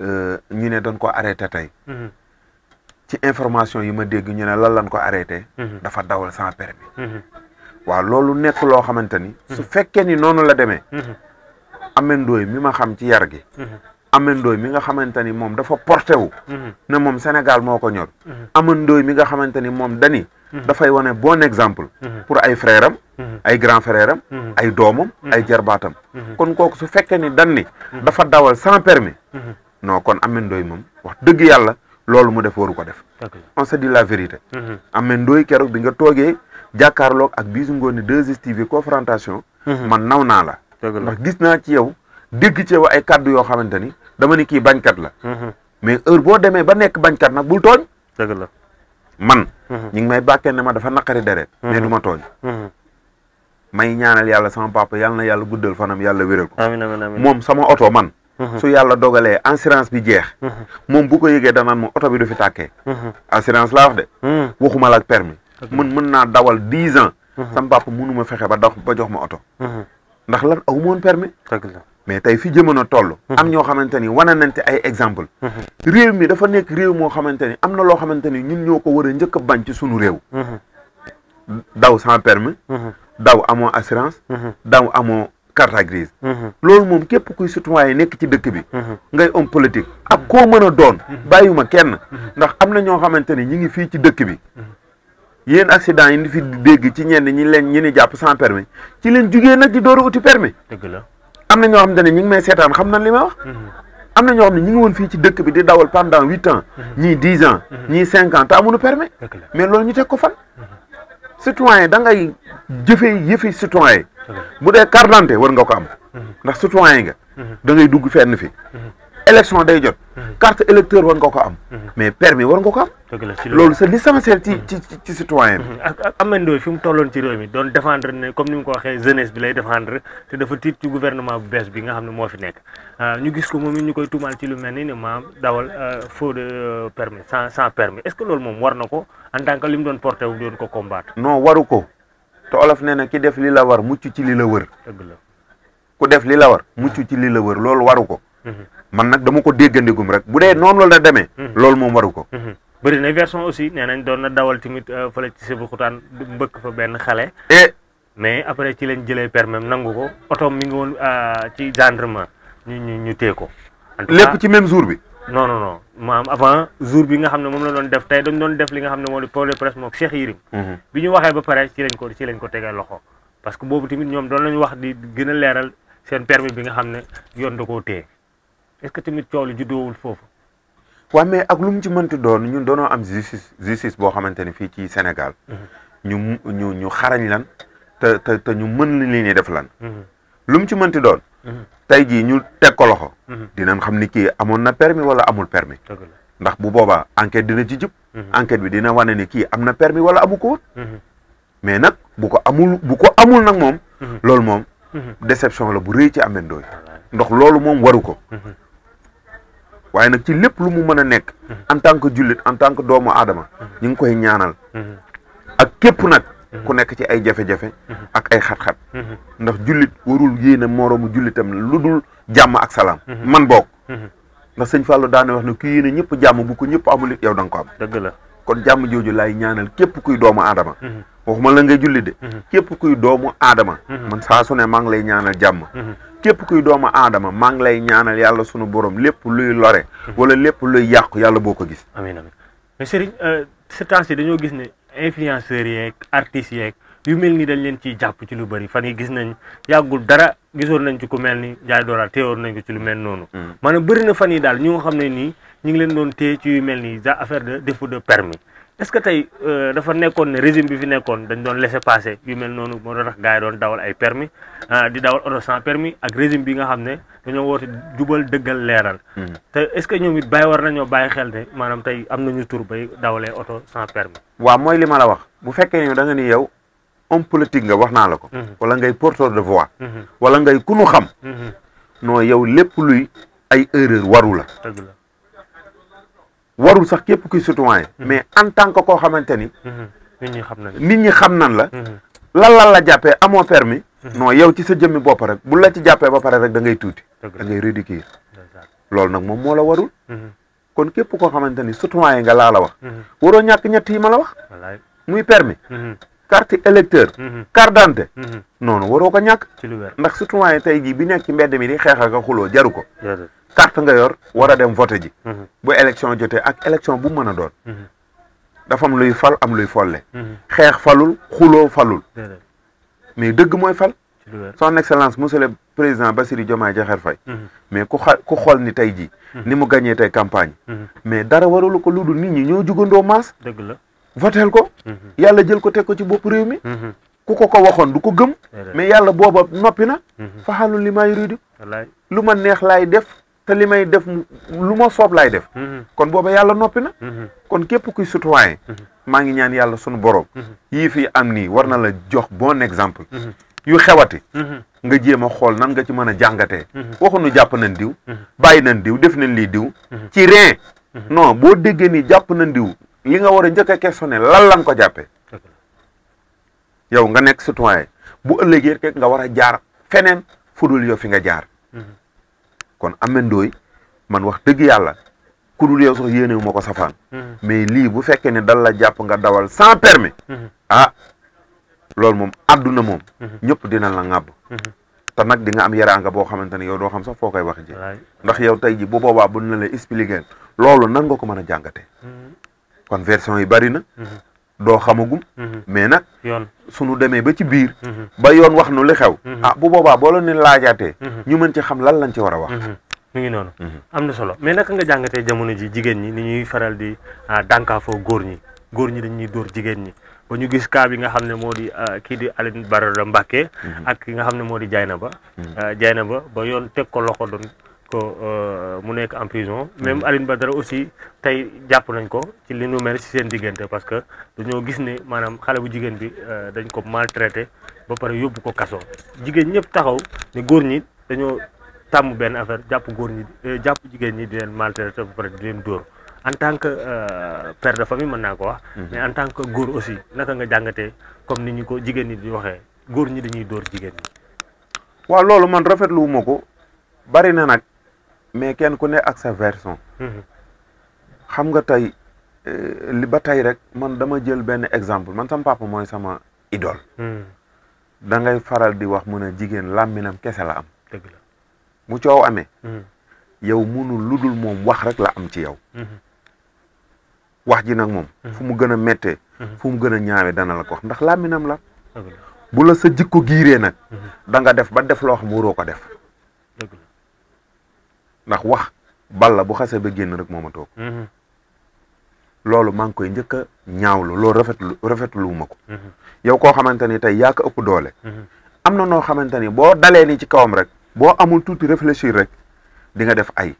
Euh, ñu ne dañ ko arrêté tey. Mhm. ci information yi ma dégg ñu ne lan lañ ko arrêté. Mhm. dafa dawal sans permis. Mhm. waaw loolu nekk loo xamante ni. su fekkee ni noonu la demee. amendooy mi ma xam ci yar gi. amendooy mi nga xamante ni moom dafa porté wu. ne moom moo ko ñor. amendooy mi xamante ni moom dani dafay wane bon exemple. pour ay frère am. ay grand frère ay doomam ay jarbaatam. kon kooku su fekkee ni dan ni dafa dawal sans permis. non kon Ameth Ndoye moom wax dëgg yàlla loolu mu def waru ko def. on se dit la vérité. Mm-hmm. Ameth Ndoye keroog bi nga toogee jàkkaarloog ak Bijou Ngoné 2STV confrontation. Mm-hmm. man naw naa la. ndax gis naa ci yow dégg ci yow ay kàddu yoo xamante ni dama ni kii bañkat la. Mm-hmm. mais heure boo demee ba nekk bañkat nag bul tooñ. dëgg la man. ñu ngi may ma dafa naqari deret. mais du ma tooñ. may ñaanal yàlla sama papa yàlla na yàlla guddal fanam yàlla wéral ko. moom sama oto man. su yàlla dogalee assurance bi jeex moom bu ko yëgee danaan oto bi fi assurance laa wax de waxuma la permis mën mën dawal ans sama papa mënuma fexe ba dox ba jox ma oto ndax lan permis mais tey fi a toll am ñoo xamante ni wane ay exemple réew mi dafa nekk réew moo xamante ni am na ni ñun ñoo ko war a bañ ci permis assurance carte grise mhm. loolu moom képp kuy citoyen nekk ci dëkk bi mhm. ngay homme politique a koo mën a doon mhm. bàyyiwuma kenn ndax am na ñoo xamante ni ñi ngi fii ci dëkk bi yéen accident yi ni fi dégg ci ñenn ñi leen ñi ni jàpp sans permis ci leen jugee nag di door a uti permis dëgg la am na ñoo xamante ne ñi ngi may seetaan xam nañ li am na ñoo xam ne ñi ngi fii ci dëkk bi di dawal pendant huit ans ñii dix ans ñii cinq ans te amuñu permis mais loolu ñu teg fan citoyen da bu dee carte d'identité war nga ko am. ndax citoyen nga. da ngay dugg fenn fi. élection day jot. carte électeur war nga ko am. mais permis war nga ko am. loolu c'est l'essentiel ci mm. ci ci citoyen bi. Mm-hmm. ak Ameth Ndoye fi mu tolloon ci réew mi te dafa tiit ci bu bees bi nga xam ne moo fi nekk euh, ñu gis ko moom ñu koy tuumaal ci lu mel ni ne maam dawal euh, faux de euh, permis sans permis est-ce que loolu moom war na ko en tant que mu doon porté doon ko combattre. non waru ko. te olof nee na ki def li la war mucc ci li la wër ku def li la war ah. mucc ci li la wër loolu waru ko mhm. man nag dama ko déggandigum rek bu dee noonu la demee mhm. loolu moom waru ko mhm. bëri na version aussi nee na doon na dawal tamit euh, fële ci Sëbu Xutaan mbëkk fa benn xale eh. mais après ci leen jëlee permis nangu ko otoom mi ngi euh, ci gendarme ñu ñu ñu ko lépp ci même jour bi non non non maam avant jour bi nga xam ne moom la doon def tey dañ doon def li nga xam ne moo di point de presse moom Cheikh mhm. waxee ba pare ci lañ ko ci lañ loxo parce que boobu tamit ñoom doon lañu wax di a leeral seen permis bi nga xam ne yoon da koo téye est que tamit coow li juddoowul foofu waaw mais ak lu mu ci mënti doon ñun doonoo am justice justice boo xamante ne fii ci Sénégal mhm. ñu ñu ñu xarañ lan te te te ñu mën li ñuy def lan mhm. lu mu ci mënti doon tey jii ñu teg ko loxo. dinañ xam ni kii amoon na permis wala amul permis ndax bu boobaa enquête dina ci jub. enquête bi dina wane ni kii am na permis wala amu ko mais nag bu ko amul bu ko amul nag moom. loolu moom. déception la bu rëy ci Ameth Ndoye ndox loolu moom waru ko. waaye nag ci lépp lu mu mën a nekk. en tant que jullit en tant que doomu aadama. ñu ngi koy ñaanal. ak képp nag. ku nekk ci ay jafe-jafe mhm. ak ay xat-xat mhm. ndax jullit warul yéene moroomu jullitam lu dul jàmm ak salaam mhm. man boog ndax sëñ Fallou daane wax ne ku yéene ñëpp jàmm bu ko ñëpp amul it yow da nga ko am la kon jàmm jooju laay ñaanal képp kuy doomu adama waxuma la ngay julli képp kuy doomu aadama man saa su ne maa ngi lay ñaanal jàmm képp kuy doomu aadama maa ngi lay ñaanal yàlla sunu borom lépp luy lore wala lépp luy yàqu yàlla boo ko gis amiin amiin influenceurs yeeg artistes yeeg yu mel ni dañ leen ciy jàpp ci lu bëri fan yi gis nañ yàggul dara gisoon nañ ci ku mel ni jaay doora téewoon nañ ko ci lu mel noonu. Mm. maanaam bëri na fan yi daal ñu nga xam ne nii ñu ngi leen doon téye ci yu mel nii affaire de défaut de permis est-ce que tey euh, dafa nekkoon ne régime bi fi nekkoon dañ doon laisser passer yu mel noonu moo doon tax gars yi doon dawal ay permis ah, di dawal oto sans permis ak régime bi nga xam ne dañoo woote jubal dëggal leeral. Hmm. te est-ce que ñoom it bàyyi war nañoo bàyyi xel ne maanaam tey am nañu tur bay dawalee oto sans permis. waaw mooy li ma la wax bu fekkee ne da nga ni yow homme politique nga wax naa la ko. Hmm. wala ngay porteur de voix. Hmm. wala ngay ku nu xam. non yow lépp luy ay waru la. warul sax képp kuy citoyen mhm. mais en tant que koo xamante ni. Mhm. nit ñi xam nañ la nit ñi xam nañ la. Mhm. lan lan la jàppee amoo permis non yow ci sa jëmmi bopp rek bu la ci jàppee ba pare rek da ngay tuuti. da ngay réduire. loolu nag moom moo la warul. kon képp koo xamante ni citoyen nga laa la wax. waroo ñàkk ñett yi ma la wax. muy permis carte électeur mhm. carte d'identité mhm. noonu a ko ñàkk ci lu wér ndax citoyen tey jii bi nekk ci mbedd mi di xeex ak xuloo jaru ko carte nga yor war a dem voté ji mhm. bu élection jotee ak élection bu mën a doon dafa am luy fal am luy folle xeex falul xuloo falul mais dëgg mooy fal son excellence monsieur le président Bassirou Diomaye Diakhar Faye mais ku xa ku ni tey jii ni mu gagné tey campagne mais dara warulu ko lu dul nit ñi ñoo jugandoo maas voteel ko mhm. yàlla jël ko teg ko ci bopp réew mi mhm. ku ko ko waxoon du ko gëm mais yàlla booba noppi na mhm. faxalul li may riidu lu ma neex laay def te li may def lu ma soob laay def kon booba yàlla noppi na kon képp kuy citoyen maa ngi ñaan yàlla sunu borom yii fi am nii war na la jox bon exemple yu xewati nga jéem a xool nan nga ci mën a jàngate waxuñu jàpp na diw bàyyi na diw def na lii diw ci rien non boo déggee ni jàpp na diw li nga war a njëkk a questionné lan lan ko jàppe yow nga nekk si citoyen bu ëllëgee rek nga war a jaar feneen fudul yow fi nga jaar kon Ameth Ndoye man wax dëgg yàlla ku dul yow sax yéene wu ko safaan mais lii bu fekkee ne dal la jàpp nga dawal sans permis ah loolu moom àdduna moom ñëpp dina na ŋàbb te nag di nga am yaraanga boo xamante ne yow doo xam sax foo koy wax ji ndox yow tey ji bu boobaa bu na la expliquer loolu nan nga ko mën a jàngate kon version yi bari na. Mhm. doo xamagum. Mhm. mais nag. yoon su sunu demee ba ci biir. Mhm. ba yoon wax nu li xew. ah bu boobaa boo la ne laajaatee. ñu mën ci xam lan lañ ci war a wax. mi ngi noonu. am na solo mais naka nga jàngatee jamono ji jigéen ñi ni ñuy faral di ah, dànkaafoo góor ñi góor ñi dañuy dóor jigéen ñi ba ñu gis cas bi nga xam ne moo di ah, kii di Alioune Badara Mbacké ak ki nga xam ne moo di Dieynaba. Ah, Dieynaba ba yoon teg ko loxo doon. ko euh, mu nekk en prison mm. même Alioune Badara aussi tey jàpp nañ ko ci li nu mel ci seen diggante parce que dañoo gis ni maanaam xale bu jigéen bi euh, dañ ko maltraité ba pare yóbbu ko kaso jigéen ñëpp taxaw ne góor ñi dañoo tàmm benn affaire jàpp góor ñi euh, jàpp jigéen ñi di leen maltraité ba pare di leen dóor en tant que père de famille mën naa ko wax mm-hmm. mais tant que góor aussi naka nga jàngatee comme ni ñu ko jigéen ñi di waxee góor ñi dañuy dóor jigéen ñi waaw loolu man rafetlu wu ma ko bari na nag mais kenn ku ne ak sa version. Mhm. xam nga tey eh, li ba tey rek man dama jël benn exemple man sama papa mooy sama idole. Mhm. da ngay faral di wax mu ne jigéen làmminam kese la am. dëgg la mu coow amee. Mhm. yow munul ludul moom wax rek la am ci yow. wax ji nag moom. fu mu gën a fu mu gën a ñaawee dana la ko wax ndax làmminam la. bu la sa jikko giiree nag. da nga def ba def loo xam waroo ko def. ndax wax balla bu xasee ba génn rek moo ma toog. Mhm. loolu maa ngi koy njëkka ñaawlu loolu rafetlu rafetlu ma ko. Mhm. yow koo xamante ni tey yaa ko ëpp doole. Mhm. am na noo xamante ni boo dalee ni ci kawam rek boo amul tuuti réfléchir rek di nga def ay.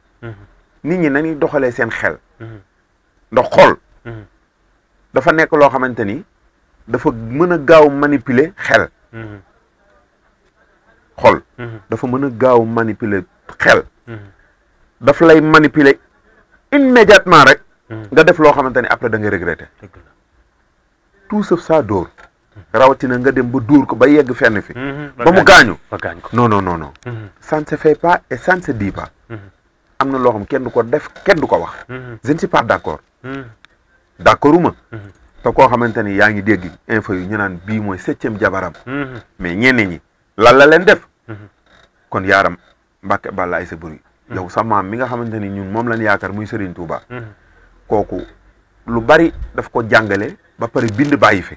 nit ñi nañuy doxalee seen xel. ndax xol. dafa nekk loo xamante ni dafa mën a gaaw manipuler xel. xol. dafa mën a gaaw manipuler xel. daf lay manipuler immédiatement rek. Hmm. nga def loo xamante ne après danga ngay regretter. tout sauf ça hmm. rawatina nga dem ba dóor ko ba yegg fenn fi. Hmm, ba mu gaañu ba gaañ ko non non non non. pas et ça ne se pas. am na loo xam kenn du ko def kenn du ko wax. je ne suis pas d' accord. d' accorduma. te koo xamante ni yaa ngi dégg info yu ñu naan bii mooy septième jabaram. mais ñenn ñi lan la leen def. kon yaaram Mbàkke Balla sa buri yow sa maam mi nga xamante ni ñun moom lañu yaakaar muy Serigne Touba. Mm-hmm. kooku lu bari daf ko jàngale ba pare bind bàyyi fi.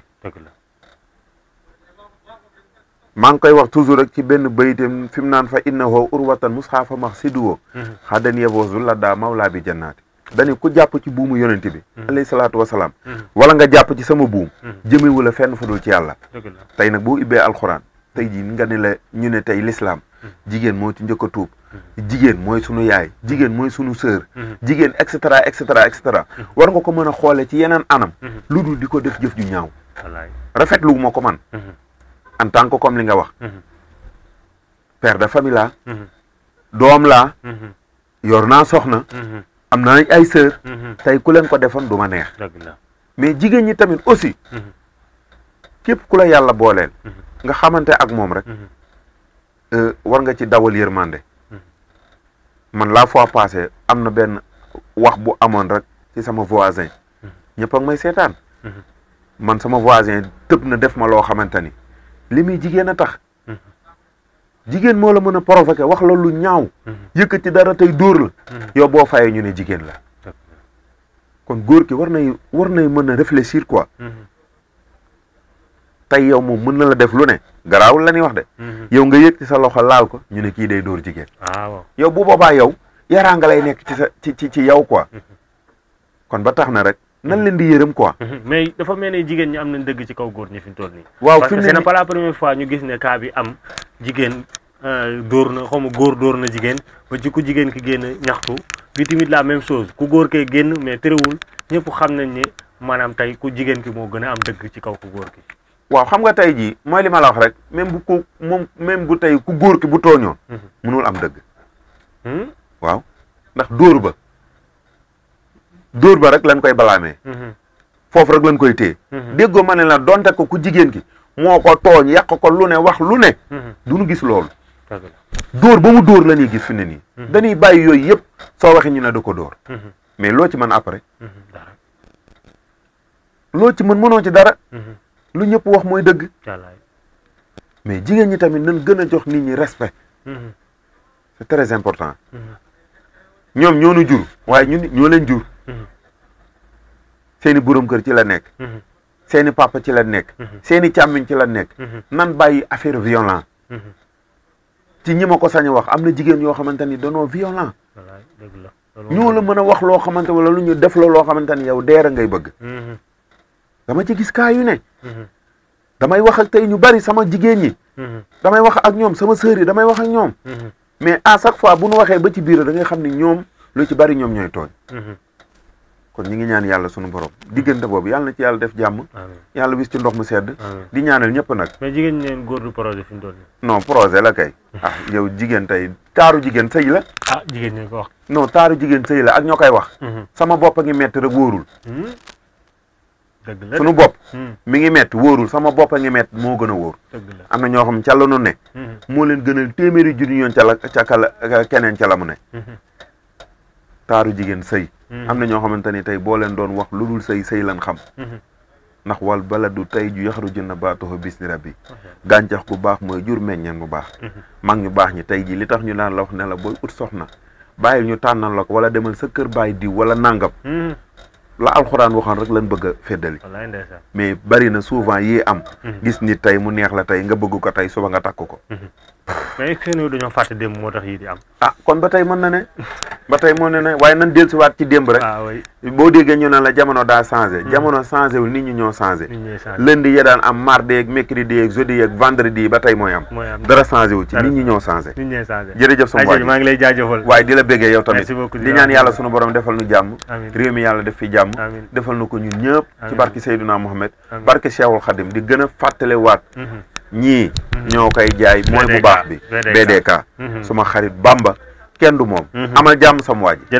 maa ngi koy wax toujours rek ci benn bayitam fi mu naan fa innahu urwatan musxaafa maxsiduhu mm-hmm. xadan yebosu la daa mawlaa bi jannaati dañu ku jàpp ci buumu yonent bi mm-hmm. alayhi salaatu wasalaam wala nga jàpp ci sama buum jëmewu la fenn fudul ci yàlla tey nag boo ibbee alxuraan tey jii nga ne la ñu ne tey lislaam jigéen moo ci njëkk a Jigen moy sunu yaay mm-hmm. jigen moy sunu sœur mm-hmm. jigen et cetera et cetera et cetera mm-hmm. war nga ko meuna xolé ci yenen anam lu diko di def jëf ju ñaaw rafet lu moko man en tant que comme li nga wax père de famille la dom la yorna soxna amna ay sœur tay ku len ko defon duma neex mais jigen ñi tamit aussi kep ku la yalla bolel nga xamanté ak mom rek euh, war nga ci dawal yermandé man la fois passée am na benn wax bu amoon rek ci sama voisin mm-hmm. ñëpp ak may seetaan mm-hmm. man sama voisin tëb na def ma loo xamante ni li muy jigéen a tax mm-hmm. jigéen moo la mën a provoquer wax la lu ñaaw yëkkati dara tey dóor la yow boo fayee ñu ne jigéen la kon góor ki war na war nay mën a réfléchir quoi tey yow moom mën na la def lu ne garaawul la ñuy wax de mhm. yow nga yëg ci sa loxo laal ko ñu ne kii day dóor jigéen ah, yow bu boobaa yow yaraa nga lay nekk ci sa ci ci ci yow quoi mhm. kon ba tax na rek na mhm. leen di yërëm quoi. mais dafa mel ne jigéen ñi am nañ dëgg ci kaw góor ñi fi mu nii. waaw parce gis ne cas bi am jigéen euh, dóor na xaw góor door na jigéen ba ci ku jigéen ki génn ñaxtu bi tamit la même chose ku góor kee génn mais terewul ñëpp xam nañ ne maanaam tey ku jigéen ki moo gën am dëgg ci kaw ku góor ki. waaw xam nga tey jii mooy li ma la wax rek même bu ko moom même bu tey ku góor ki bu tooñoon. Mhm. mënul am dëgg. Hmm? waaw ndax dóor ba dóor ba rek lañ koy balaamee. Mhm. foofu rek lañ koy téye. Mhm. déggoo ma ne la donte ko ku jigéen ki moo ko tooñ yàq ko lu ne wax lu ne. du gis loolu. dóor ba mu dóor la ñuy gis fi ne nii. dañuy bàyyi yooyu yëpp soo waxee ñu ne da ko dóor. mais loo ci mën après. loo ci mën mënoo ci dara lu ñëpp wax mooy dëgg mais jigéen ñi tamit nañ gën a jox nit ñi respect mm-hmm. c'est très important mm-hmm. ñoom ñoo nu jur waaye ñun ñoo leen jur mm-hmm. seeni borom kër ci la nekk seeni papa ci la nekk seeni càmmiñ ci la nekk nan bàyyi affaire violent ci ñi ma ko sañ wax am na jigéen yoo xamante ni danoo violent ñoo la mën a wax loo xamante wala lu ñu def la loo xamante yow ngay bëgg dama ci gis kaa yu ne. Mhm. damay wax ak tey ñu bari sama jigéen ñi. Mhm. damay wax ak ñoom sama sœur yi damay wax ak ñoom. Mhm. mais à chaque fois bu nu waxee ba ci biir da xam ni ñoom lu ci bari ñoom ñooy tooñ. kon ñi ngi ñaan yàlla sunu borom diggante boobu yàlla na ci yàlla def jàmm. yàlla wis ci ndox mu sedd. di ñaanal ñëpp nag. mais jigéen ñi leen góor du projet fi mu toll non projet la kay. ah yow jigéen tey taaru la. ah jigéen ñi ko wax. non taaru jigéen sëy la ak ñoo koy wax. sama bopp ngi métti rek dëgg la sunu bopp. Hmm. mi ngi metti wóorul sama bopp a ngi metti moo gën a wóor. am na ñoo xam ca la nu ne. Hmm. moo leen gënal téeméeri junni yoon ca la ca kala keneen ca la mu ne. Hmm. taaru jigéen sëy. am na ñoo xamante ni tey boo leen doon wax lu dul sëy sëy lan xam. ndax wal du tey ju yaxaru jënn baatuhu bisni rabbi gàncax gu baax mooy jur meññeen bu baax mag ñu baax ñi tey jii li tax ñu daan la wax ne la booy ut soxna bàyyil ñu tànnal la ko wala demal sa kër bàyyi diw wala nàngam la alxuraan waxoon rek lañ bëgg a feddali mais bari na souvent yi am mhm. gis nit tey mu neex la tey nga bëgg ko tey suba nga takk ko mhm. mais moo tax yii di am. ah kon ba tey mën na ne ba tey mën na ne waaye nan dellusiwaat ci démb rek. Ah, boo déggee ñu ne la jamono daa changé. Hmm. jamono changé wul nit ñi ñoo changé. lundi ya daan am mardi yeeg mercredi yeeg jeudi yeeg vendredi ba tey mooy am. dara changé wu ci nit ñi ñoo changé. nit ñi changé jërëjëf sama waa ji maa ngi lay jaajëfal. waaye di la béggee yow tamit di ñaan yàlla sunu borom defal nu jàmm. réew mi yàlla def fi jàmm. defal nu ko ñun ñëpp. ci barke Seydouna Mohamed. barke ñii ñoo koy jaay mooy bu baax bi BDK mhm. suma xarit Bamba kenn du moom mhm. amal jàmm sam waa